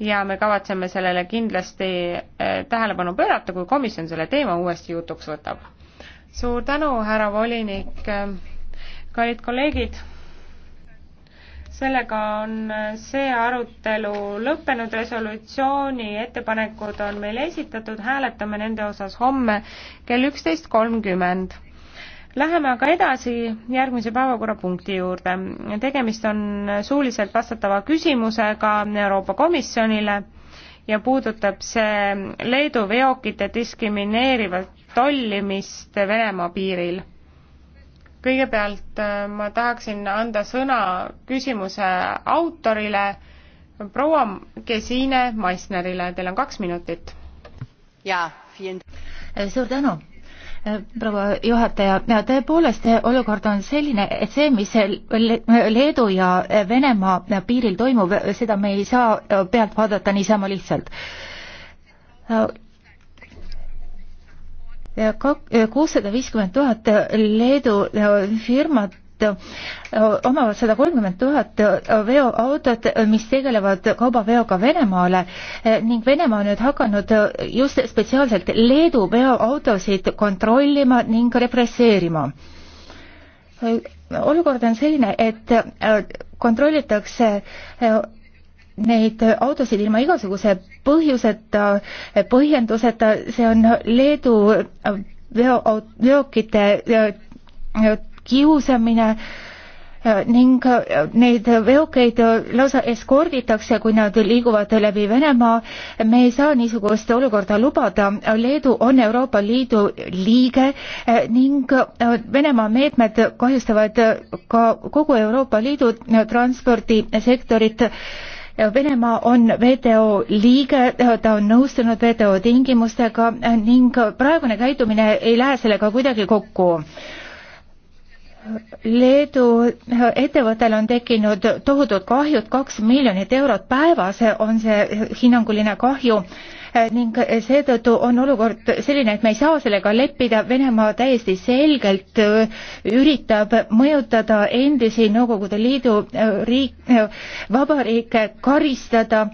ja me kavatseme sellele kindlasti eh, tähelepanu pöörata, kui komisjon selle teema uuesti jutuks võtab. suur tänu, härra volinik, kallid kolleegid, sellega on eh, see arutelu lõppenud, resolutsiooni ettepanekud on meile esitatud, hääletame nende osas homme kell üksteist kolmkümmend Läheme aga edasi järgmise päevakorrapunkti juurde. tegemist on suuliselt vastatava küsimusega Euroopa Komisjonile ja puudutab see Leedu veokite diskrimineerivat tollimist Venemaa piiril. kõigepealt äh, ma tahaksin anda sõna küsimuse autorile, proua Gesine Meissnerile, teil on kaks minutit. jaa, suur tänu Äh, proua juhataja, äh, tõepoolest äh, olukord on selline, et see, mis Leedu ja Venemaa piiril toimub, seda me ei saa pealt vaadata niisama lihtsalt. kuussada viiskümmend tuhat Leedu firmat tuhat, omavad sada kolmkümmend tuhat veoautot, mis tegelevad kaubaveoga Venemaale ning Venemaa on nüüd hakanud just spetsiaalselt Leedu veoautosid kontrollima ning represseerima. olukord on selline, et kontrollitakse neid autosid ilma igasuguse põhjuseta, põhjenduseta, see on Leedu veo, veokite kiusamine äh, ning äh, neid veokeid äh, lausa eskorditakse, kui nad liiguvad läbi Venemaa. me ei saa niisugust olukorda lubada. Leedu on Euroopa Liidu liige ning Venemaa meetmed kahjustavad ka kogu Euroopa Liidu transpordisektorit. Venemaa on WTO liige, ta on nõustunud WTO tingimustega ning praegune käitumine ei lähe sellega kuidagi kokku Leedu ettevõttel on tekkinud tohutud kahjud, kaks miljonit eurot päevas on see hinnanguline kahju ning seetõttu on olukord selline, et me ei saa sellega leppida, Venemaa täiesti selgelt üritab mõjutada endisi Nõukogude Liidu riik, vabariike karistada.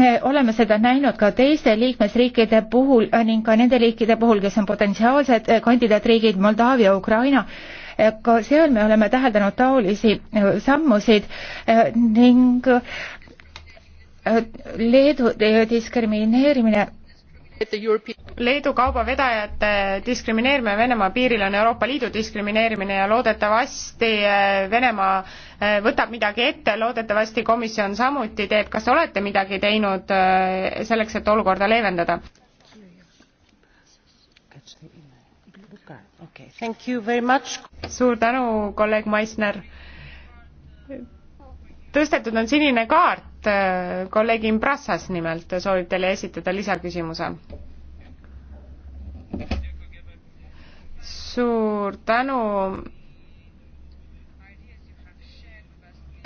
me oleme seda näinud ka teiste liikmesriikide puhul ning ka nende riikide puhul, kes on potentsiaalsed kandidaatriigid, Moldaavia, Ukraina Eh, ka seal me oleme täheldanud taolisi eh, sammusid eh, ning Leedu diskrimineerimine Leedu kaubavedajate diskrimineerimine Venemaa piiril on Euroopa Liidu diskrimineerimine ja loodetavasti Venemaa võtab midagi ette, loodetavasti komisjon samuti teeb, kas olete midagi teinud selleks, et olukorda leevendada? okay,. suur tänu, kolleeg Meissner. tõstetud on sinine kaart, äh, kolleeg Imbrassas nimelt soovib teile esitada lisaküsimuse. suur tänu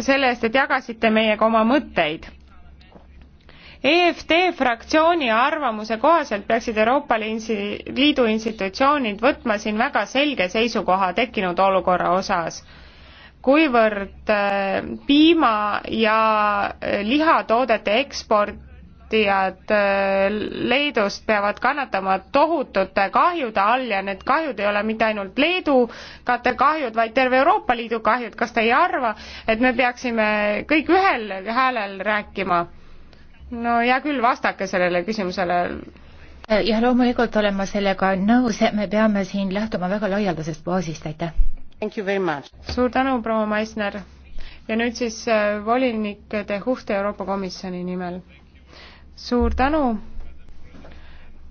selle eest, et jagasite meiega oma mõtteid EFD fraktsiooni arvamuse kohaselt peaksid Euroopa Liidu institutsioonid võtma siin väga selge seisukoha tekkinud olukorra osas, kuivõrd äh, piima- ja äh, lihatoodete eksportijad äh, Leedust peavad kannatama tohutute kahjude all ja need kahjud ei ole mitte ainult Leedu kate kahjud, vaid terve Euroopa Liidu kahjud, kas te ei arva, et me peaksime kõik ühel häälel rääkima? no hea küll, vastake sellele küsimusele. jah, loomulikult olen ma sellega nõus, me peame siin lähtuma väga laialdasest baasist, aitäh. suur tänu, proua Maisner. ja nüüd siis äh, volinik De Hucht Euroopa Komisjoni nimel. suur tänu,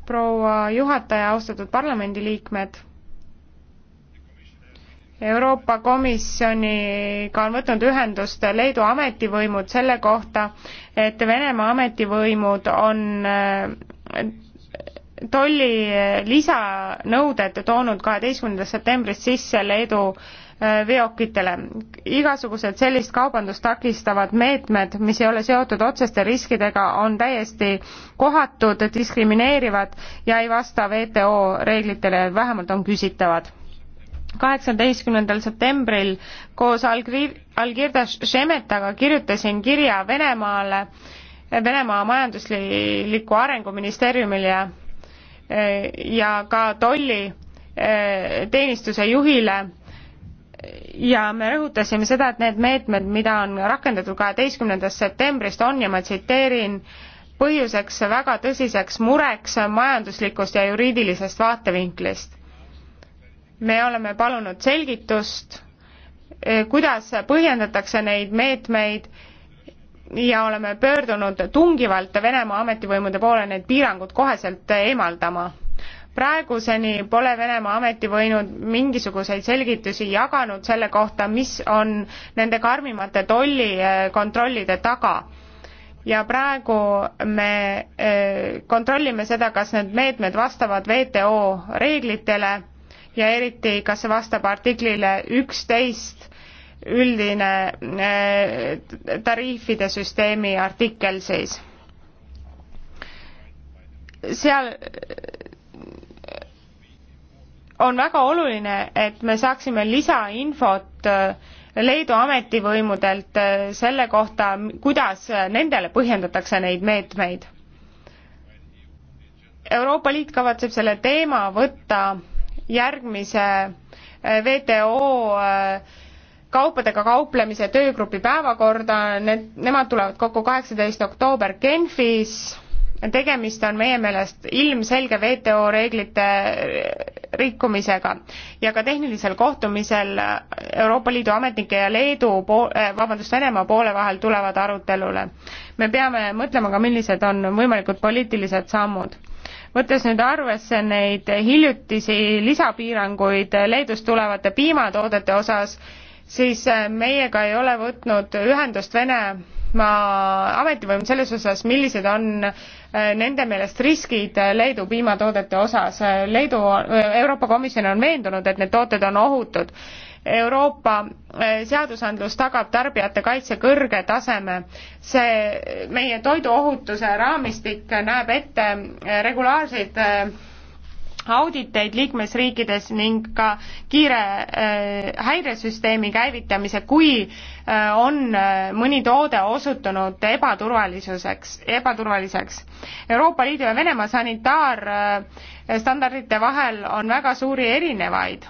proua juhataja, austatud parlamendiliikmed Euroopa Komisjoniga on võtnud ühendust Leedu ametivõimud selle kohta, et Venemaa ametivõimud on äh, tolli lisanõuded toonud kaheteistkümnendast septembrist sisse Leedu äh, veokitele. igasugused sellist kaubandust takistavad meetmed, mis ei ole seotud otseste riskidega, on täiesti kohatud, diskrimineerivad ja ei vasta WTO reeglitele, vähemalt on küsitavad kaheksateistkümnendal septembril koos Algir-, Algirda Šemetaga kirjutasin kirja Venemaale, Venemaa majandusliku arenguministeeriumile ja, eh, ja ka tolliteenistuse eh, juhile ja me rõhutasime seda, et need meetmed, mida on rakendatud kaheteistkümnendast septembrist, on ja ma tsiteerin, põhjuseks väga tõsiseks mureks majanduslikust ja juriidilisest vaatevinklist me oleme palunud selgitust, eh, kuidas põhjendatakse neid meetmeid ja oleme pöördunud tungivalt Venemaa ametivõimude poole need piirangud koheselt eemaldama. praeguseni pole Venemaa ametivõimud mingisuguseid selgitusi jaganud selle kohta, mis on nende karmimate tollikontrollide taga. ja praegu me eh, kontrollime seda, kas need meetmed vastavad WTO reeglitele ja eriti, kas see vastab artiklile üksteist üldine eh, tariifide süsteemi artikkel siis. seal eh, on väga oluline, et me saaksime lisainfot eh, Leedu ametivõimudelt selle kohta, kuidas nendele põhjendatakse neid meetmeid. Euroopa Liit kavatseb selle teema võtta järgmise äh, WTO äh, kaupadega kauplemise töögrupi päevakorda, need, nemad tulevad kokku kaheksateist oktoober Genfis, tegemist on meie meelest ilmselge WTO reeglite rikkumisega ja ka tehnilisel kohtumisel Euroopa Liidu ametnike ja Leedu pool, äh, vabandust, Venemaa poole vahel tulevad arutelule. me peame mõtlema ka, millised on võimalikud poliitilised sammud võttes nüüd arvesse neid hiljutisi lisapiiranguid Leedust tulevate piimatoodete osas, siis äh, meiega ei ole võtnud ühendust Venemaa ametivõim selles osas, millised on äh, nende meelest riskid Leedu piimatoodete osas. Leedu, äh, Euroopa Komisjon on veendunud, et need tooted on ohutud Euroopa eh, seadusandlus tagab tarbijate kaitse kõrge taseme. see meie toiduohutuse raamistik näeb ette eh, regulaarseid eh, auditeid liikmesriikides ning ka kiire häiresüsteemi käivitamise, kui on mõni toode osutunud ebaturvalisuseks, ebaturvaliseks. Euroopa Liidu ja Venemaa sanitaarstandardite vahel on väga suuri erinevaid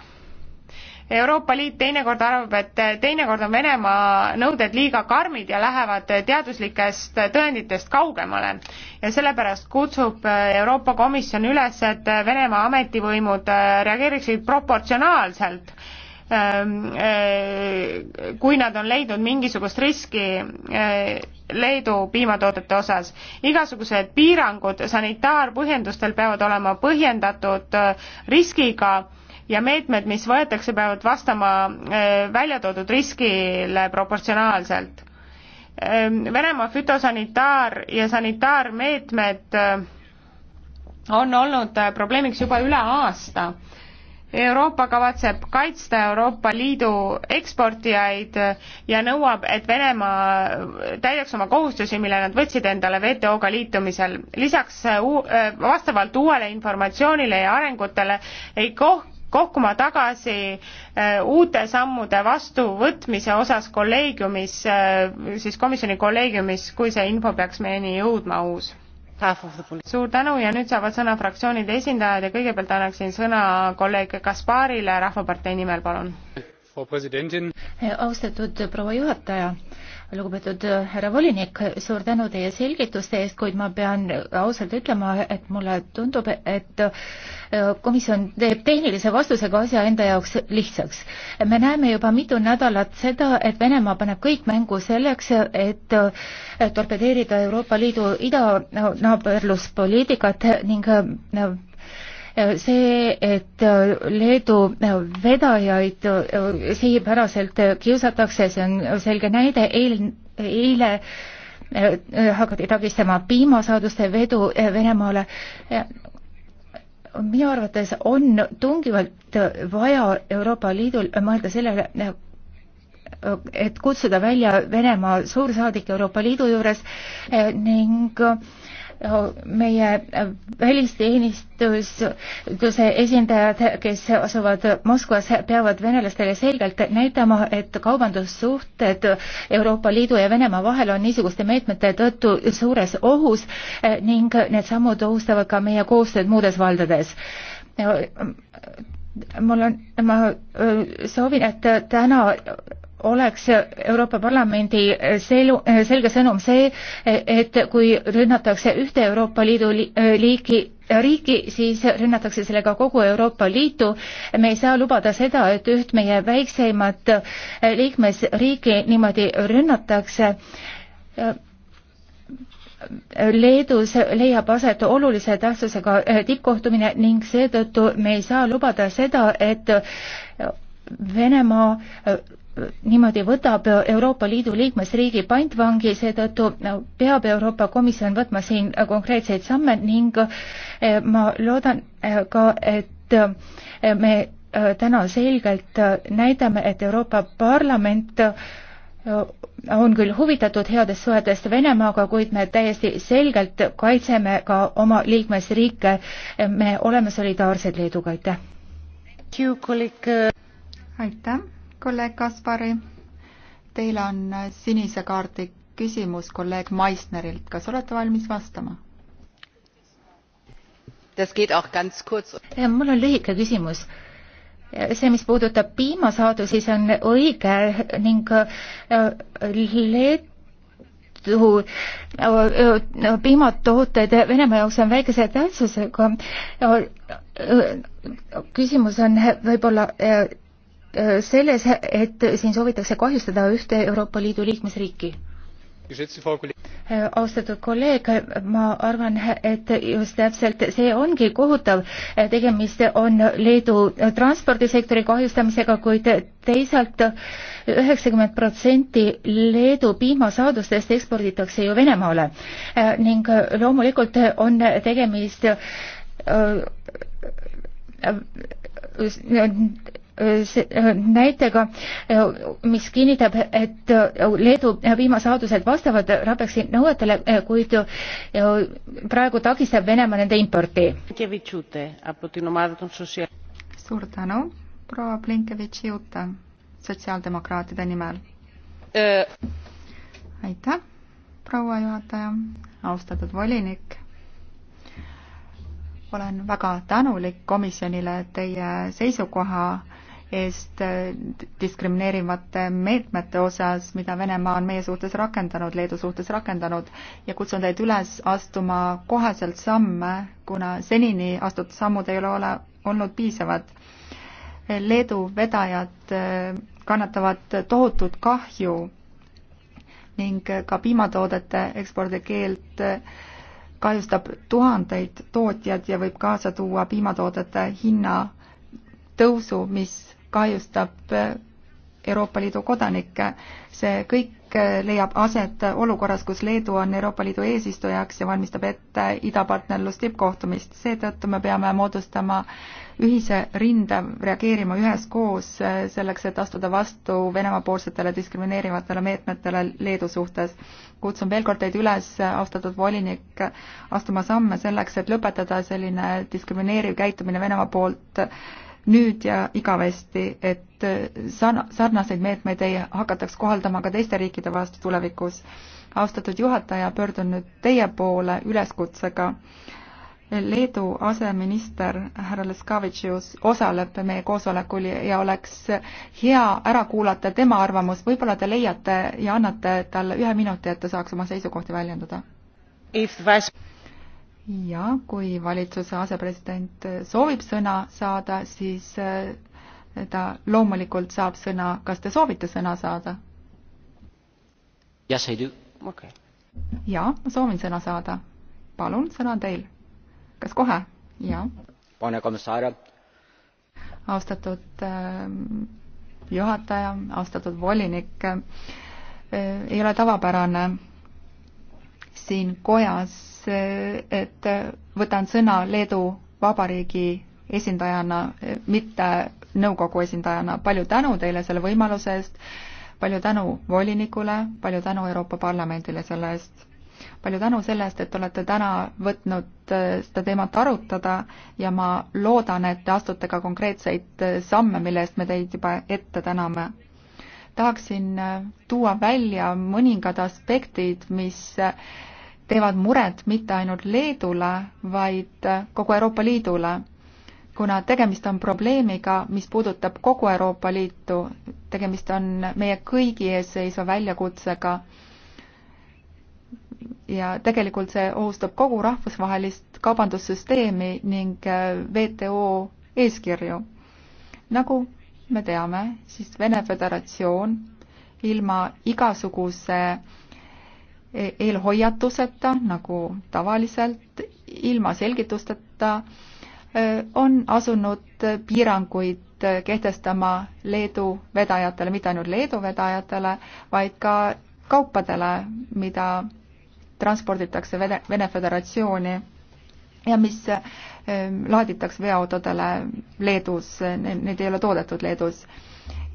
Euroopa Liit teinekord arvab, et teinekord on Venemaa nõuded liiga karmid ja lähevad teaduslikest tõenditest kaugemale. ja sellepärast kutsub Euroopa Komisjon üles, et Venemaa ametivõimud reageeriksid proportsionaalselt, ähm, äh, kui nad on leidnud mingisugust riski äh, Leedu piimatoodete osas. igasugused piirangud sanitaarpõhjendustel peavad olema põhjendatud äh, riskiga ja meetmed, mis võetakse, peavad vastama äh, välja toodud riskile proportsionaalselt. Ähm, Venemaa fütosanitaar- ja sanitaarmeetmed äh, on olnud äh, probleemiks juba üle aasta. Euroopa kavatseb kaitsta Euroopa Liidu eksportijaid ja nõuab, et Venemaa täidaks oma kohustusi, mille nad võtsid endale WTO-ga liitumisel. lisaks vastavalt uuele informatsioonile ja arengutele ei koht-, kohkuma tagasi äh, uute sammude vastuvõtmise osas kolleegiumis, äh, siis komisjoni kolleegiumis, kui see info peaks meieni jõudma uus? suur tänu ja nüüd saavad sõna fraktsioonide esindajad ja kõigepealt annaksin sõna kolleeg Kasparile Rahvapartei nimel, palun austatud proua juhataja, lugupeetud härra volinik, suur tänu teie selgituste eest, kuid ma pean ausalt ütlema, et mulle tundub, et komisjon teeb tehnilise vastusega asja enda jaoks lihtsaks. me näeme juba mitu nädalat seda, et Venemaa paneb kõik mängu selleks, et torpedeerida Euroopa Liidu idanaaberluspoliitikat ning Eh, see, et eh, Leedu eh, vedajaid sihipäraselt kiusatakse, see on selge näide, eil, eile hakati takistama piimasaaduste vedu Venemaale. minu arvates on tungivalt vaja Euroopa Liidul mõelda sellele, et kutsuda välja Venemaa suursaadik Euroopa Liidu juures ning meie välisteenistuse esindajad, kes asuvad Moskvas, peavad venelastele selgelt näitama, et kaubandussuhted Euroopa Liidu ja Venemaa vahel on niisuguste meetmete tõttu suures ohus ning need sammud ohustavad ka meie koostööd muudes valdades mul on, ma soovin, et täna oleks Euroopa Parlamendi selu, selge sõnum see, et kui rünnatakse ühte Euroopa Liidu liiki riiki, siis rünnatakse sellega kogu Euroopa Liitu. me ei saa lubada seda, et üht meie väikseimat liikmesriiki niimoodi rünnatakse. Leedus leiab aset olulise tähtsusega tippkohtumine ning seetõttu me ei saa lubada seda, et Venemaa niimoodi võtab Euroopa Liidu liikmesriigi pantvangi, seetõttu peab Euroopa Komisjon võtma siin konkreetseid samme ning eh, ma loodan eh, ka, et eh, me täna selgelt näitame, et Euroopa Parlament on küll huvitatud headest suhetest Venemaaga, kuid me täiesti selgelt kaitseme ka oma liikmesriike. me oleme solidaarsed Leeduga, aitäh! aitäh! kolleeg Kaspari. Teil on sinise kaardi küsimus kolleeg Meissnerilt, kas olete valmis vastama? mul on lühike küsimus see, mis puudutab piimasaaду, siis on õige ning äh, Leedu äh, piimatooted Venemaa jaoks on väikese tähtsusega. Äh, küsimus on võib-olla Äh, selles, et siin soovitakse kahjustada ühte Euroopa Liidu liikmesriiki. Äh, austatud kolleeg, ma arvan, et just täpselt see ongi kohutav. Äh, tegemist on Leedu transpordisektori kahjustamisega, kuid teisalt üheksakümmend protsenti Leedu piimasaadustest eksporditakse ju Venemaale ning loomulikult on tegemist Äh, näitega, äh, mis kinnitab, et äh, Leedu piimasaadused vastavad Rabeksi nõuetele, kuid praegu takistab Venemaa nende importi. suur tänu, proua Blinkevitš-Jute, sotsiaaldemokraatide nimel. aitäh, proua juhataja, austatud volinik olen väga tänulik komisjonile teie seisukoha eest äh, diskrimineerivate meetmete osas, mida Venemaa on meie suhtes rakendanud, Leedu suhtes rakendanud ja kutsun teid üles astuma koheselt samme, kuna senini astutud sammud ei ole, ole olnud piisavad. Leedu vedajad äh, kannatavad tohutut kahju ning ka piimatoodete ekspordi keeld äh, kahjustab tuhandeid tootjad ja võib kaasa tuua piimatoodete hinna tõusu, mis kahjustab eh, Euroopa Liidu kodanikke. see kõik eh, leiab aset olukorras, kus Leedu on Euroopa Liidu eesistujaks ja valmistab ette idapartnerlus tippkohtumist. seetõttu me peame moodustama ühise rinde, reageerima üheskoos eh, selleks, et astuda vastu Venemaa-poolsetele diskrimineerivatele meetmetele Leedu suhtes. kutsun veel kord teid üles, austatud volinik, astuma samme selleks, et lõpetada selline diskrimineeriv käitumine Venemaa poolt nüüd ja igavesti, et äh, sarnaseid meetmeid ei hakataks kohaldama ka teiste riikide vastu tulevikus. austatud juhataja, pöördun nüüd teie poole üleskutsega. Leedu aseminister härra Leskavitšius osaleb meie koosolekul ja oleks hea ära kuulata tema arvamus, võib-olla te leiate ja annate talle ühe minuti, et ta saaks oma seisukohti väljendada. Vice ja kui valitsuse asepresident soovib sõna saada, siis eh, ta loomulikult saab sõna. kas te soovite sõna saada? Yes, I do. Okay. jaa, ma soovin sõna saada. palun, sõna on teil. kas kohe? jaa. pane komissaria. austatud eh, juhataja, austatud volinik, eh, ei ole tavapärane siin kojas et võtan sõna Leedu Vabariigi esindajana, mitte nõukogu esindajana. palju tänu teile selle võimaluse eest, palju tänu volinikule, palju tänu Euroopa Parlamendile selle eest. palju tänu selle eest, et olete täna võtnud äh, seda teemat arutada ja ma loodan, et te astute ka konkreetseid äh, samme, mille eest me teid juba ette täname. tahaksin äh, tuua välja mõningad aspektid, mis teevad muret mitte ainult Leedule, vaid kogu Euroopa Liidule, kuna tegemist on probleemiga, mis puudutab kogu Euroopa Liitu, tegemist on meie kõigi ees seisva väljakutsega ja tegelikult see ohustab kogu rahvusvahelist kaubandussüsteemi ning äh, WTO eeskirju. nagu me teame, siis Vene Föderatsioon ilma igasuguse eelhoiatuseta, nagu tavaliselt, ilma selgitusteta, on asunud piiranguid kehtestama Leedu vedajatele, mitte ainult Leedu vedajatele, vaid ka kaupadele, mida transporditakse Vene, Vene Föderatsiooni ja mis laaditakse veoautodele Leedus, neid ei ole toodetud Leedus.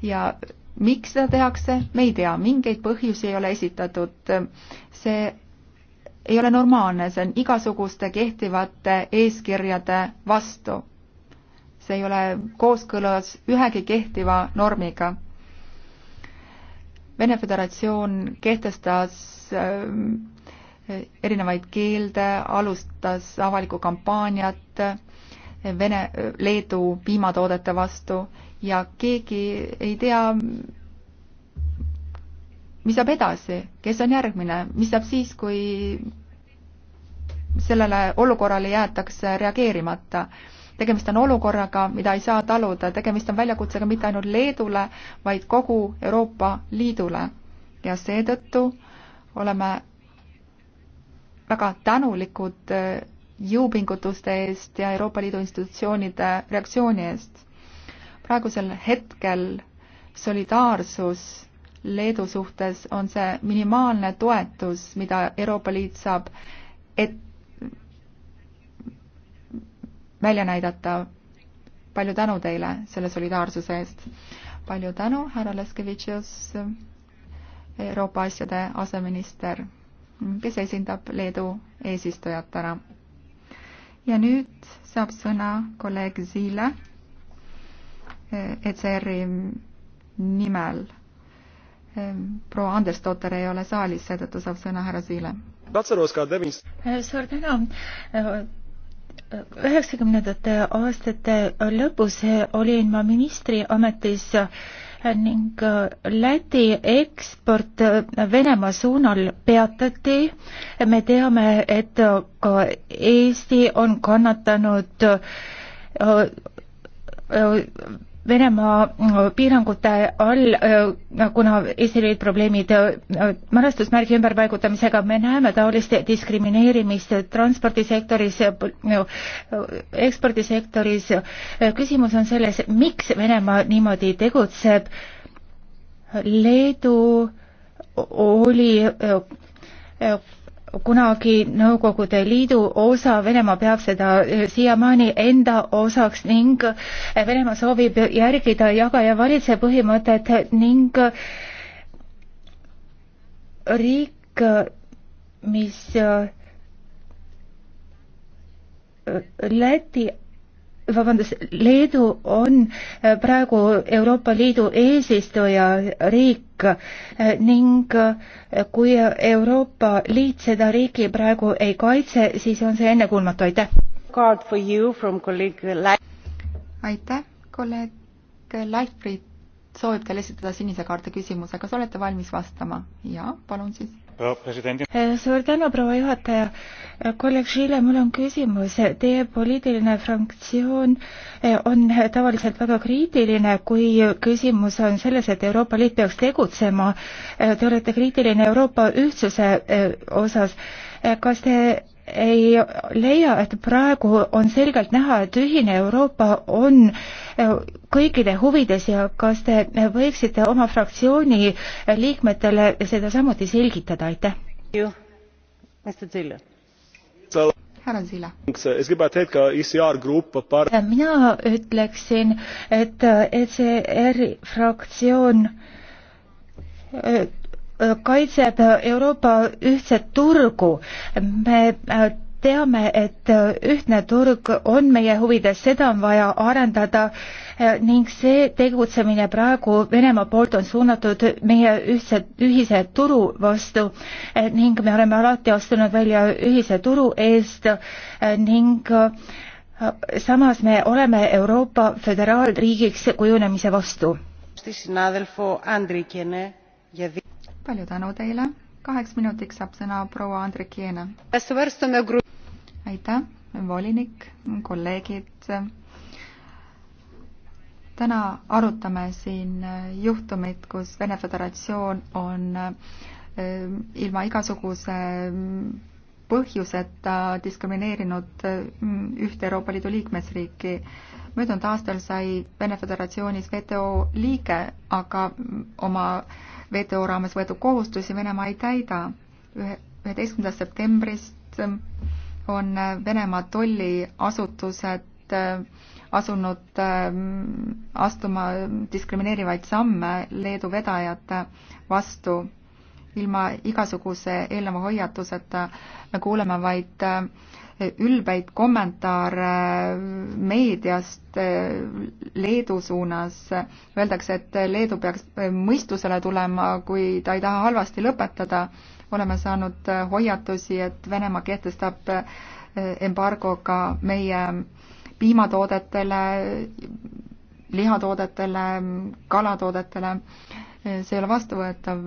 ja miks seda tehakse, me ei tea, mingeid põhjusi ei ole esitatud. see ei ole normaalne, see on igasuguste kehtivate eeskirjade vastu. see ei ole kooskõlas ühegi kehtiva normiga. Vene Föderatsioon kehtestas ähm, erinevaid keelde, alustas avalikku kampaaniat Vene, Leedu piimatoodete vastu ja keegi ei tea, mis saab edasi, kes on järgmine, mis saab siis, kui sellele olukorrale jäetakse reageerimata. tegemist on olukorraga, mida ei saa taluda, tegemist on väljakutsega mitte ainult Leedule, vaid kogu Euroopa Liidule. ja seetõttu oleme väga tänulikud eh, jõupingutuste eest ja Euroopa Liidu institutsioonide reaktsiooni eest. praegusel hetkel solidaarsus Leedu suhtes on see minimaalne toetus, mida Euroopa Liit saab et välja näidata. palju tänu teile selle solidaarsuse eest. palju tänu, härra Leskevitšius, Euroopa asjade aseminister, kes esindab Leedu eesistujat täna ja nüüd saab sõna kolleeg Ziile ECR-i eh, e nimel. Eh, proua Andres Totter ei ole saalis, seetõttu saab sõna härra Ziile. suur tänu üheksakümnendate aastate lõpus olin ma ministri ametis ning äh, Läti eksport äh, Venemaa suunal peatati. me teame, et äh, ka Eesti on kannatanud Venemaa mm, piirangute all, äh, kuna Eestil olid probleemid äh, mälestusmärgi ümberpaigutamisega, me näeme taolist diskrimineerimist transpordisektoris, äh, ekspordisektoris. küsimus on selles, miks Venemaa niimoodi tegutseb. Leedu oli kunagi Nõukogude Liidu osa, Venemaa peab seda eh, siiamaani enda osaks ning eh, Venemaa soovib järgida jagaja valitse põhimõtet ning eh, riik, mis Läti vabandust, Leedu on äh, praegu Euroopa Liidu eesistuja riik äh, ning äh, kui Euroopa Liit seda riiki praegu ei kaitse, siis on see ennekuulmatu, aitäh! aitäh, kolleeg Leifrid soovib teile esitada sinise kaarte küsimuse, kas olete valmis vastama? jaa, palun siis Eh, suur tänu, proua juhataja. kolleeg Žile, mul on küsimus. Teie poliitiline fraktsioon eh, on tavaliselt väga kriitiline, kui küsimus on selles, et Euroopa Liit peaks tegutsema. Eh, te olete kriitiline Euroopa ühtsuse osas. kas te ei leia, et praegu on selgelt näha, et ühine Euroopa on äh, kõikide huvides ja kas te võiksite oma fraktsiooni liikmetele seda samuti selgitada, aitäh? härra Zila. Äh, mina ütleksin, et äh, ECR-i fraktsioon Äh, kaitseb äh, Euroopa ühtset turgu. me äh, teame, et ühtne turg on meie huvides, seda on vaja arendada ning see tegutsemine praegu Venemaa poolt on suunatud meie ühtse, ühise turu vastu ning me oleme alati astunud välja ühise turu eest ning samas me oleme Euroopa föderaalriigiks kujunemise vastu palju tänu teile, kaheks minutiks saab sõna proua Andrek Jeene. aitäh, volinik, kolleegid. täna arutame siin juhtumit, kus Vene Föderatsioon on eh, ilma igasuguse mm, põhjuseta diskrimineerinud mm, ühte Euroopa Liidu liikmesriiki möödunud aastal sai Vene Föderatsioonis WTO liige, aga oma WTO raames võetud kohustusi Venemaa ei täida. üheteistkümnendast septembrist on Venemaa tolliasutused äh, asunud ähm, astuma diskrimineerivaid samme Leedu vedajate vastu ilma igasuguse eelneva hoiatuseta. me kuuleme vaid äh, ülbeid kommentaare äh, meediast äh, Leedu suunas. Öeldakse, et Leedu peaks äh, mõistusele tulema, kui ta ei taha halvasti lõpetada. oleme saanud hoiatusi, et Venemaa kehtestab embargoga meie piimatoodetele, lihatoodetele, kalatoodetele. see ei ole vastuvõetav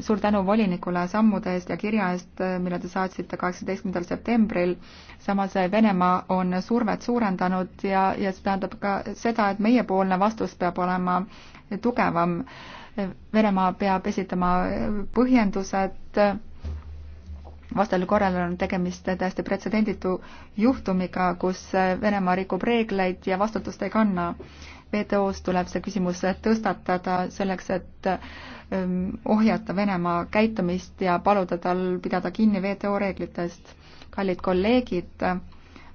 suur tänu volinikule sammude eest ja kirja eest, mille te saatsite kaheksateistkümnendal septembril. samas Venemaa on survet suurendanud ja, ja see tähendab ka seda, et meiepoolne vastus peab olema tugevam. Venemaa peab esitama põhjendused, vastasel korral on tegemist täiesti pretsedenditu juhtumiga, kus Venemaa rikub reegleid ja vastutust ei kanna WTO-s tuleb see küsimus tõstatada selleks, et ähm, ohjata Venemaa käitumist ja paluda tal pidada kinni WTO reeglitest. kallid kolleegid,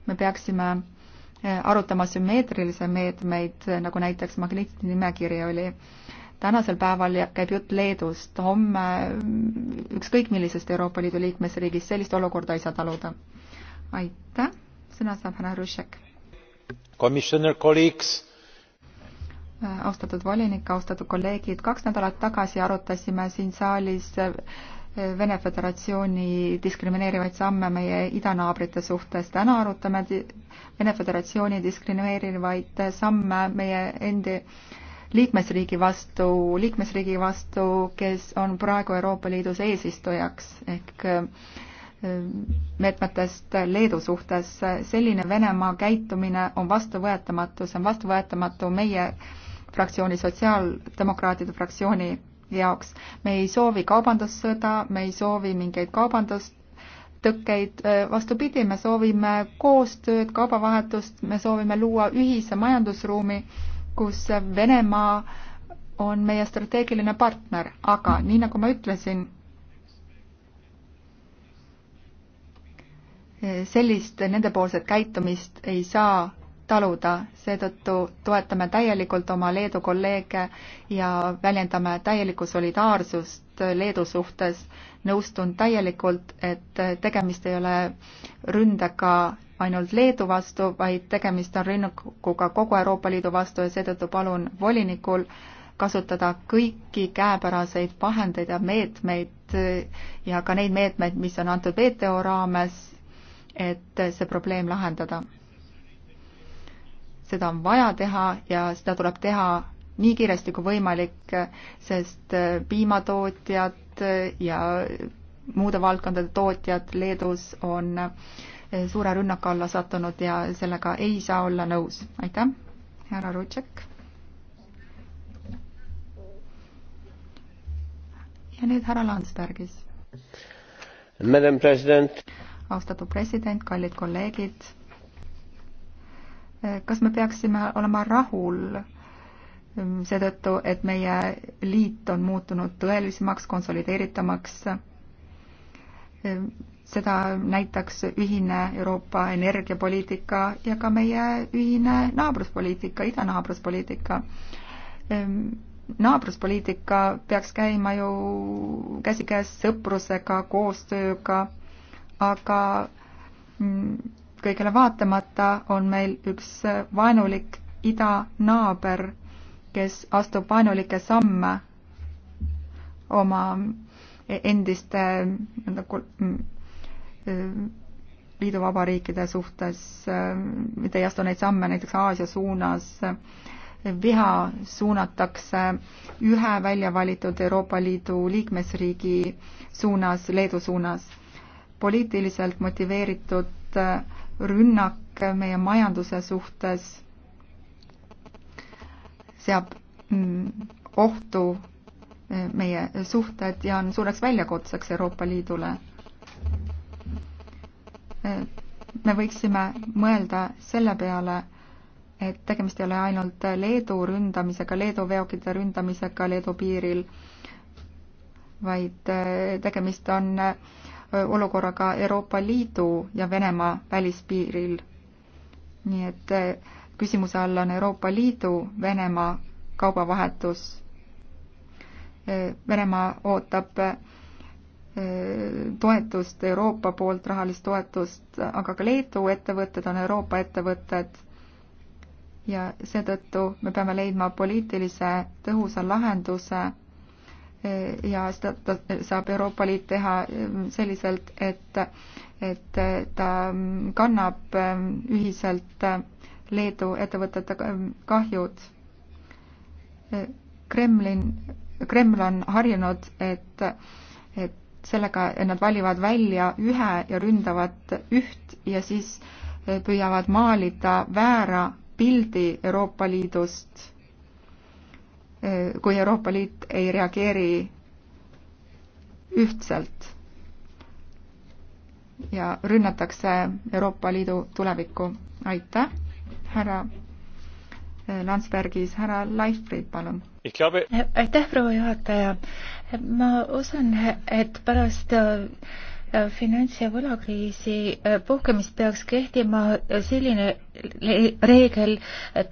me peaksime äh, arutama sümmeetrilisi meetmeid, nagu näiteks Magnitski nimekiri oli. tänasel päeval käib jutt Leedust, homme ähm, ükskõik millisest Euroopa Liidu liikmesriigist, sellist olukorda ei saa taluda. aitäh, sõna saab härra Rušek. Commissioner colleagues austatud volinik, austatud kolleegid, kaks nädalat tagasi arutasime siin saalis eh, Vene Föderatsiooni diskrimineerivaid samme meie idanaabrite suhtes. täna arutame Vene Föderatsiooni diskrimineerivaid samme meie endi liikmesriigi vastu, liikmesriigi vastu, kes on praegu Euroopa Liidus eesistujaks ehk eh, meetmetest Leedu suhtes. selline Venemaa käitumine on vastuvõetamatu, see on vastuvõetamatu meie fraktsiooni, Sotsiaaldemokraatide fraktsiooni jaoks. me ei soovi kaubandussõda, me ei soovi mingeid kaubandustõkkeid, vastupidi, me soovime koostööd, kaubavahetust, me soovime luua ühise majandusruumi, kus Venemaa on meie strateegiline partner, aga nii, nagu ma ütlesin, sellist nendepoolset käitumist ei saa taluda, seetõttu toetame täielikult oma Leedu kolleege ja väljendame täielikku solidaarsust Leedu suhtes. nõustun täielikult, et tegemist ei ole ründega ainult Leedu vastu, vaid tegemist on rünnakuga kogu Euroopa Liidu vastu ja seetõttu palun volinikul kasutada kõiki käepäraseid vahendeid ja meetmeid ja ka neid meetmeid, mis on antud WTO raames, et see probleem lahendada seda on vaja teha ja seda tuleb teha nii kiiresti kui võimalik, sest äh, piimatootjad äh, ja muude valdkondade tootjad Leedus on äh, suure rünnaku alla sattunud ja sellega ei saa olla nõus. aitäh, härra Rutšek. ja nüüd härra Landsbergis. austatud president, kallid kolleegid kas me peaksime olema rahul ähm, seetõttu, et meie liit on muutunud tõelisemaks, konsolideeritamaks? Ähm, seda näitaks ühine Euroopa energiapoliitika ja ka meie ühine naabruspoliitika, idanaabruspoliitika. Ähm, naabruspoliitika peaks käima ju käsikäes sõprusega, koostööga, aga mm, kõigele vaatamata on meil üks vaenulik idanaaber, kes astub vaenulikke samme oma endiste nii-öelda liiduvabariikide mm, mm, suhtes, mm, mitte ei astu neid samme näiteks Aasia suunas, viha suunatakse ühe välja valitud Euroopa Liidu liikmesriigi suunas, Leedu suunas. poliitiliselt motiveeritud et äh, rünnak meie majanduse suhtes seab mm, ohtu äh, meie suhted ja on suureks väljakutseks Euroopa Liidule. Äh, me võiksime mõelda selle peale, et tegemist ei ole ainult Leedu ründamisega, Leedu veokite ründamisega Leedu piiril, vaid tegemist on äh, olukorraga Euroopa Liidu ja Venemaa välispiiril. nii et eh, küsimuse all on Euroopa Liidu, Venemaa kaubavahetus. Eh, Venemaa ootab eh, toetust Euroopa poolt, rahalist toetust, aga ka Leedu ettevõtted on Euroopa ettevõtted ja seetõttu me peame leidma poliitilise tõhusa lahenduse ja seda saab Euroopa Liit teha ähm, selliselt, et, et ta ähm, kannab ähm, ühiselt äh, Leedu ettevõtete kahjud. Äh, Kremlin, Kreml on harjunud, et, et sellega, et nad valivad välja ühe ja ründavad üht ja siis äh, püüavad maalida väära pildi Euroopa Liidust Eh, kui Euroopa Liit ei reageeri ühtselt ja rünnatakse Euroopa Liidu tulevikku. aitäh, härra eh, Landsbergis, härra Leifrid, palun. aitäh, proua juhataja. ma usun, et pärast eh, Äh, finants- ja võlakriisi äh, puhkemist peaks kehtima äh, selline reegel,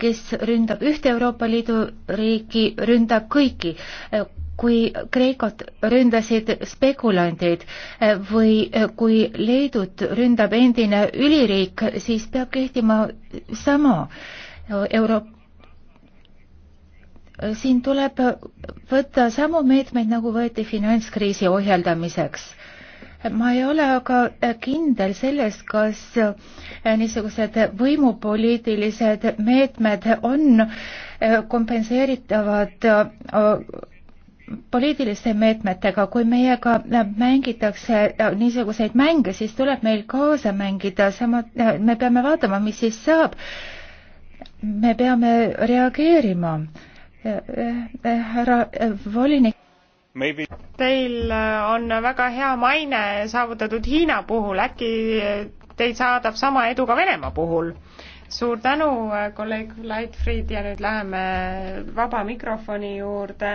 kes ründab ühte Euroopa Liidu riiki, ründab kõiki. kui Kreekat ründasid spekulandid või kui Leedut ründab endine üliriik, siis peab kehtima sama Euroopa siin tuleb võtta samu meetmeid, nagu võeti finantskriisi ohjeldamiseks ma ei ole aga kindel selles, kas eh, niisugused võimupoliitilised meetmed on eh, kompenseeritavad eh, poliitiliste meetmetega, kui meiega mängitakse niisuguseid mänge, siis tuleb meil kaasa mängida, sama, me peame vaatama, mis siis saab. me peame reageerima. härra volinik Maybe... Teil äh, on väga hea maine saavutatud Hiina puhul, äkki teid saadab sama edu ka Venemaa puhul? suur tänu, äh, kolleeg Leitfried ja nüüd läheme vaba mikrofoni juurde.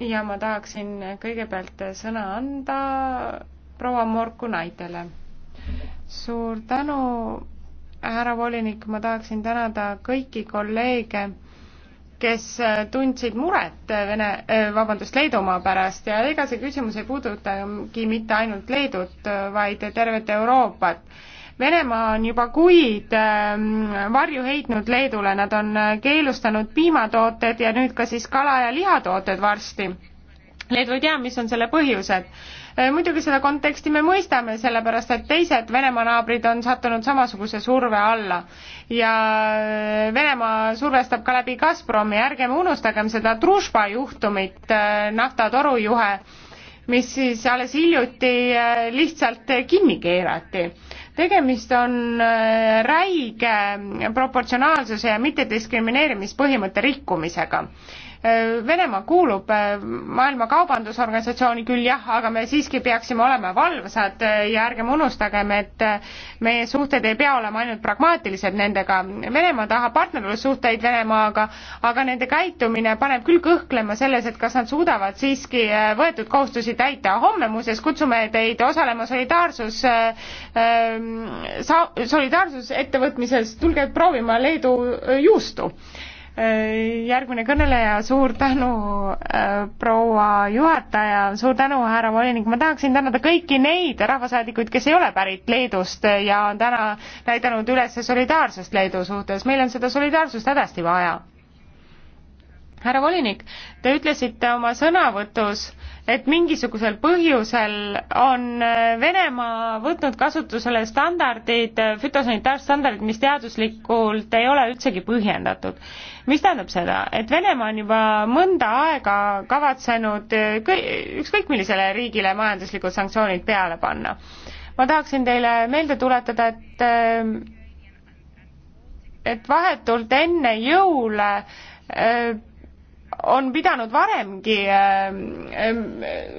ja ma tahaksin kõigepealt sõna anda proua Morkunaitele. suur tänu, härra volinik, ma tahaksin tänada kõiki kolleege kes äh, tundsid muret äh, Vene, äh, vabandust, Leedumaa pärast ja ega see küsimus ei puudutagi mitte ainult Leedut, vaid tervet Euroopat. Venemaa on juba kuid ähm, varju heitnud Leedule, nad on keelustanud piimatooted ja nüüd ka siis kala- ja lihatooted varsti Leedu ei tea, mis on selle põhjused. Äh, muidugi seda konteksti me mõistame, sellepärast et teised Venemaa naabrid on sattunud samasuguse surve alla ja äh, Venemaa survestab ka läbi Gazpromi, ärgem unustagem seda Družba juhtumit, äh, naftatorujuhe, mis siis alles hiljuti lihtsalt kinni keerati tegemist on räige proportsionaalsuse ja mittediskrimineerimispõhimõtte rikkumisega Äh, Venemaa kuulub äh, Maailma Kaubandusorganisatsiooni küll jah, aga me siiski peaksime olema valvsad äh, ja ärgem unustagem, et meie suhted ei pea olema ainult pragmaatilised nendega. Venemaa tahab partnerlussuhteid Venemaaga, aga nende käitumine paneb küll kõhklema selles, et kas nad suudavad siiski võetud kohustusi täita. homme muuseas kutsume teid osalema solidaarsus äh,, ähm, solidaarsusettevõtmises, tulge proovima Leedu juustu Äh, järgmine kõneleja, suur tänu äh,, proua juhataja, suur tänu, härra volinik, ma tahaksin tänada kõiki neid rahvasaadikuid, kes ei ole pärit Leedust ja on täna näidanud üles solidaarsust Leedu suhtes, meil on seda solidaarsust hädasti vaja. härra volinik, te ütlesite oma sõnavõtus, et mingisugusel põhjusel on äh, Venemaa võtnud kasutusele standardid, äh, fütosanitaarstandardid, mis teaduslikult ei ole üldsegi põhjendatud. mis tähendab seda, et Venemaa on juba mõnda aega kavatsenud äh, ükskõik millisele riigile majanduslikud sanktsioonid peale panna. ma tahaksin teile meelde tuletada, et et vahetult enne jõule on pidanud varemgi ähm, ähm,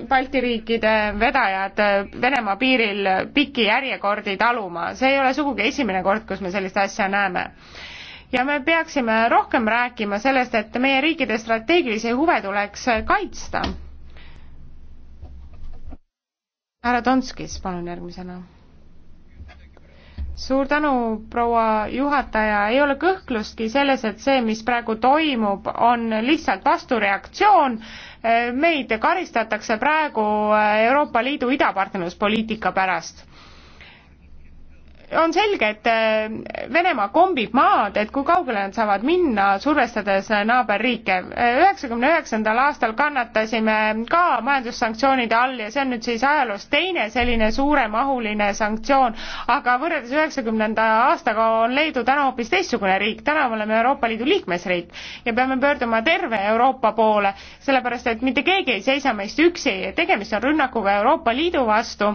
Balti riikide vedajad äh, Venemaa piiril pikki järjekordi taluma, see ei ole sugugi esimene kord, kus me sellist asja näeme ja me peaksime rohkem rääkima sellest, et meie riikide strateegilisi huve tuleks kaitsta. härra Donskis, palun järgmisena suur tänu, proua juhataja, ei ole kõhklustki selles, et see, mis praegu toimub, on lihtsalt vastureaktsioon. meid karistatakse praegu Euroopa Liidu idapartnerluspoliitika pärast on selge, et äh, Venemaa kombib maad, et kui kaugele nad saavad minna, survestades äh, naaberriike. Äh, üheksakümne üheksandal aastal kannatasime ka majandussanktsioonide all ja see on nüüd siis ajaloos teine selline suuremahuline sanktsioon, aga võrreldes üheksakümnenda aastaga on Leedu täna hoopis teistsugune riik, täna me oleme Euroopa Liidu liikmesriik ja peame pöörduma terve Euroopa poole, sellepärast et mitte keegi ei seisa meist üksi, tegemist on rünnakuga Euroopa Liidu vastu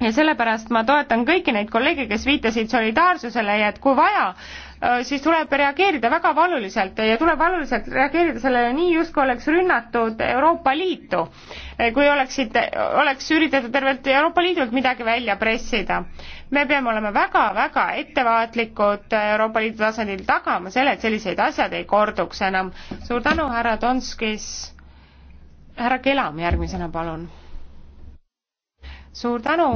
ja sellepärast ma toetan kõiki neid kolleege, kes viitasid solidaarsusele ja et kui vaja, äh, siis tuleb reageerida väga valuliselt ja tuleb valuliselt reageerida sellele nii, justkui oleks rünnatud Euroopa Liitu, äh, kui oleksid, oleks üritatud tervelt Euroopa Liidult midagi välja pressida. me peame olema väga-väga ettevaatlikud Euroopa Liidu tasandil, tagama selle, et selliseid asjad ei korduks enam. suur tänu, härra Donskis. härra Kelam järgmisena, palun suur tänu!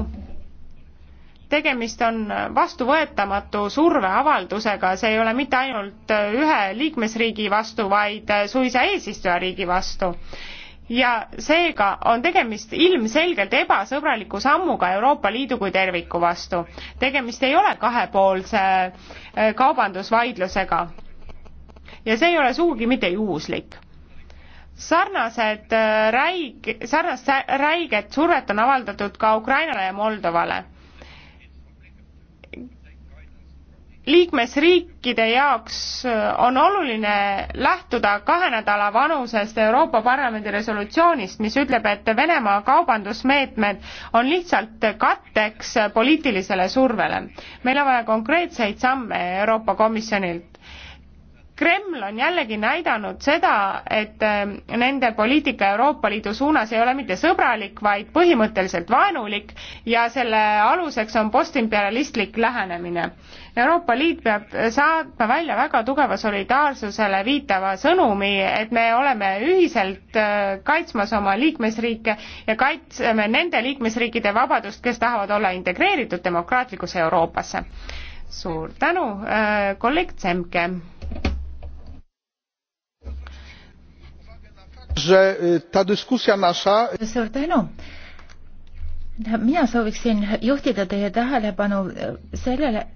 tegemist on vastuvõetamatu surveavaldusega, see ei ole mitte ainult ühe liikmesriigi vastu, vaid suisa eesistujariigi vastu. ja seega on tegemist ilmselgelt ebasõbraliku sammuga Euroopa Liidu kui terviku vastu. tegemist ei ole kahepoolse eh, kaubandusvaidlusega. ja see ei ole sugugi mitte juhuslik sarnased äh, räig-, sarnast räiget survet on avaldatud ka Ukrainale ja Moldovale. liikmesriikide jaoks äh, on oluline lähtuda kahe nädala vanusest Euroopa Parlamendi resolutsioonist, mis ütleb, et Venemaa kaubandusmeetmed on lihtsalt katteks poliitilisele survele. meil on vaja konkreetseid samme Euroopa Komisjonilt Kreml on jällegi näidanud seda, et ähm, nende poliitika Euroopa Liidu suunas ei ole mitte sõbralik, vaid põhimõtteliselt vaenulik ja selle aluseks on postimperialistlik lähenemine. Euroopa Liit peab saatma välja väga tugeva solidaarsusele viitava sõnumi, et me oleme ühiselt äh, kaitsmas oma liikmesriike ja kaitseme nende liikmesriikide vabadust, kes tahavad olla integreeritud demokraatlikusse Euroopasse. suur tänu, äh, kolleeg Tsemke suur tänu mina sooviksin juhtida teie tähelepanu sellele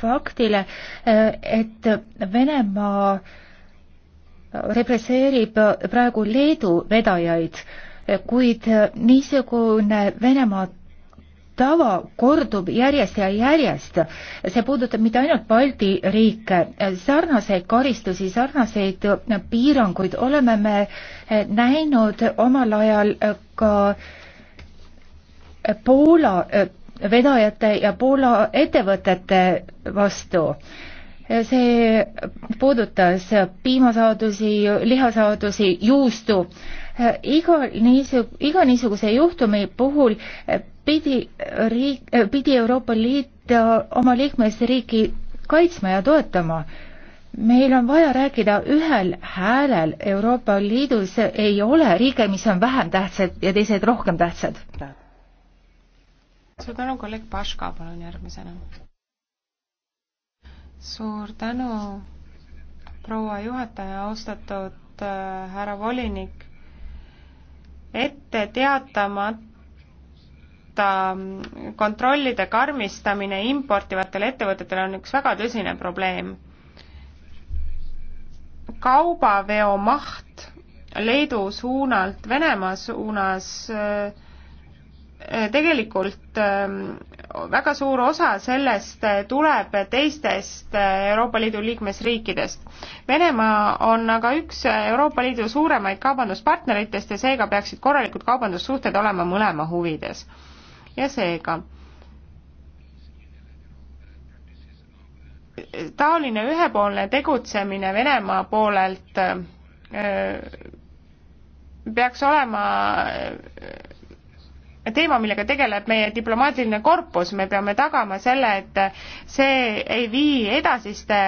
faktile, et Venemaa represseerib praegu Leedu vedajaid, kuid niisugune Venemaa tava kordub järjest ja järjest. see puudutab mitte ainult Balti riike, sarnaseid karistusi, sarnaseid piiranguid oleme me eh, näinud omal ajal eh, ka eh, Poola vedajate ja Poola ettevõtete vastu. see puudutas piimasaadusi, lihasaadusi, juustu. iga niisu-, iga niisuguse juhtumi puhul pidi riik, äh, pidi Euroopa Liit äh, oma liikmesriiki kaitsma ja toetama. meil on vaja rääkida ühel häälel, Euroopa Liidus ei ole riike, mis on vähem tähtsad ja teised rohkem tähtsad. suur tänu, kolleeg Paška, palun järgmisena. suur tänu, proua juhataja, austatud äh, härra volinik. ette teatamata kohta mm, kontrollide karmistamine importivatele ettevõtetele on üks väga tõsine probleem. kaubaveo maht Leedu suunalt Venemaa suunas äh, tegelikult äh, väga suur osa sellest äh, tuleb teistest Euroopa Liidu liikmesriikidest. Venemaa on aga üks Euroopa Liidu suuremaid kaubanduspartneritest ja seega peaksid korralikud kaubandussuhted olema mõlema huvides ja seega taoline ühepoolne tegutsemine Venemaa poolelt äh, peaks olema äh, teema, millega tegeleb meie diplomaatiline korpus, me peame tagama selle, et see ei vii edasiste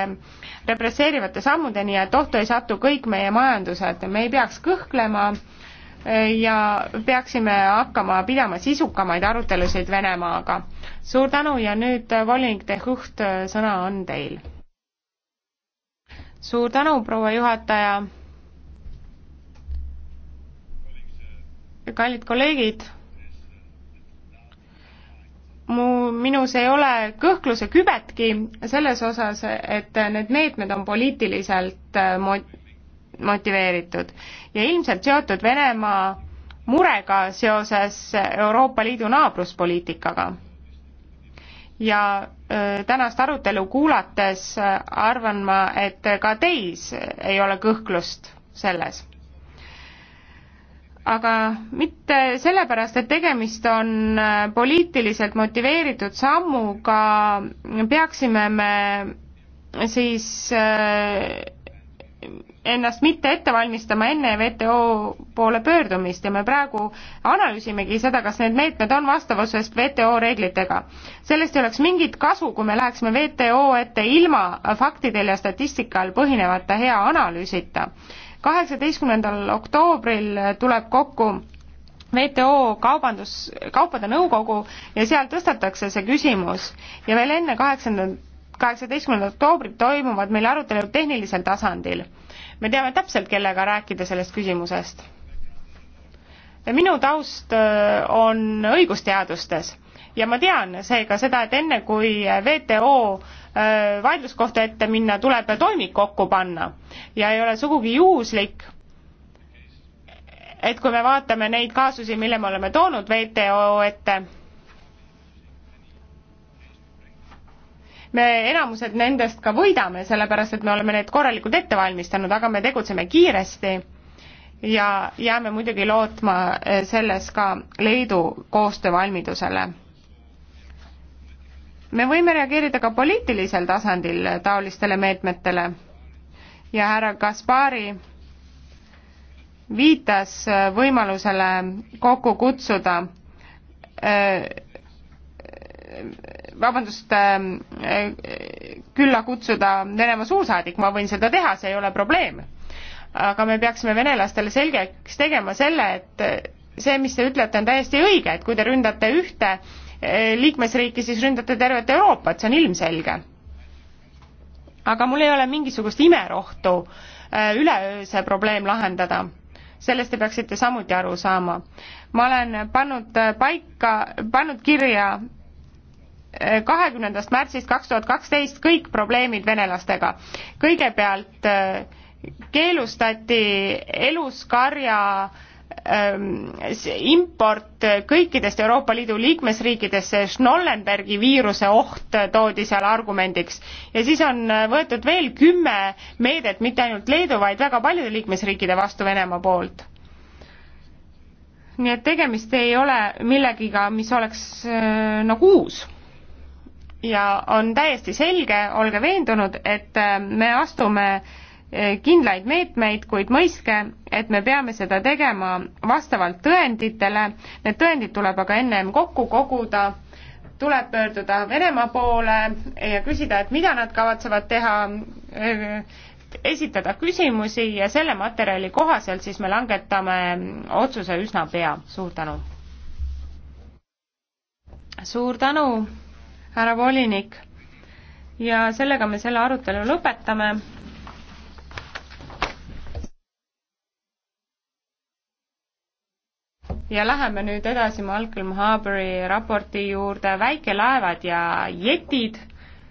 represseerivate sammudeni ja et ohtu ei satu kõik meie majandused, me ei peaks kõhklema äh, ja peaksime hakkama pidama sisukamaid arutelusid Venemaaga. suur tänu ja nüüd äh, volinik De Hucht, äh, sõna on teil. suur tänu, proua juhataja. kallid kolleegid mu, minus ei ole kõhkluse kübetki selles osas, et need meetmed on poliitiliselt äh, mo-, motiveeritud ja ilmselt seotud Venemaa murega seoses Euroopa Liidu naabruspoliitikaga. ja tänast arutelu kuulates arvan ma, et ka teis ei ole kõhklust selles. aga mitte sellepärast, et tegemist on poliitiliselt motiveeritud sammuga, peaksime me siis äh, ennast mitte ette valmistama enne WTO poole pöördumist ja me praegu analüüsimegi seda, kas need meetmed on vastavuses WTO reeglitega. sellest ei oleks mingit kasu, kui me läheksime WTO ette ilma faktidel ja statistikal põhinevata hea analüüsita. kaheksateistkümnendal oktoobril tuleb kokku WTO kaubandus, kaupade nõukogu ja seal tõstatakse see küsimus ja veel enne kaheksandat kaheksateistkümnendat oktoobrit toimuvad meil arutelud tehnilisel tasandil. me teame täpselt, kellega rääkida sellest küsimusest. minu taust äh, on õigusteadustes ja ma tean seega seda, et enne kui WTO äh, vaidluskohta ette minna, tuleb toimik kokku panna ja ei ole sugugi juhuslik, et kui me vaatame neid kaasusi, mille me oleme toonud WTO ette, me enamused nendest ka võidame, sellepärast et me oleme need korralikult ette valmistanud, aga me tegutseme kiiresti ja jääme muidugi lootma eh, selles ka Leedu koostöövalmidusele me võime reageerida ka poliitilisel tasandil eh, taolistele meetmetele ja härra Kaspari viitas eh, võimalusele kokku kutsuda vabandust, ähm, äh, külla kutsuda Venemaa suursaadik, ma võin seda teha, see ei ole probleem. aga me peaksime venelastele selgeks tegema selle, et äh, see, mis te ütlete, on täiesti õige, et kui te ründate ühte äh, liikmesriiki, siis ründate tervet Euroopat, see on ilmselge. aga mul ei ole mingisugust imerohtu üleöö see probleem lahendada sellest te peaksite samuti aru saama. ma olen pannud paika, pannud kirja kahekümnendast märtsist kaks tuhat kaksteist kõik probleemid venelastega. kõigepealt äh, keelustati eluskarja ähm, import kõikidest Euroopa Liidu liikmesriikidesse, Schnollenbergi viiruse oht toodi seal argumendiks. ja siis on äh, võetud veel kümme meedet, mitte ainult Leedu, vaid väga paljude liikmesriikide vastu Venemaa poolt. nii et tegemist ei ole millegiga, mis oleks äh, nagu uus ja on täiesti selge, olge veendunud, et äh, me astume äh, kindlaid meetmeid, kuid mõistke, et me peame seda tegema vastavalt tõenditele, need tõendid tuleb aga ennem kokku koguda, tuleb pöörduda Venemaa poole ja küsida, et mida nad kavatsevad teha, äh, esitada küsimusi ja selle materjali kohaselt siis me langetame otsuse üsna pea, suur tänu! suur tänu! härra volinik. ja sellega me selle arutelu lõpetame. ja läheme nüüd edasi Malcolm Harbori raporti juurde, väikelaevad ja jetid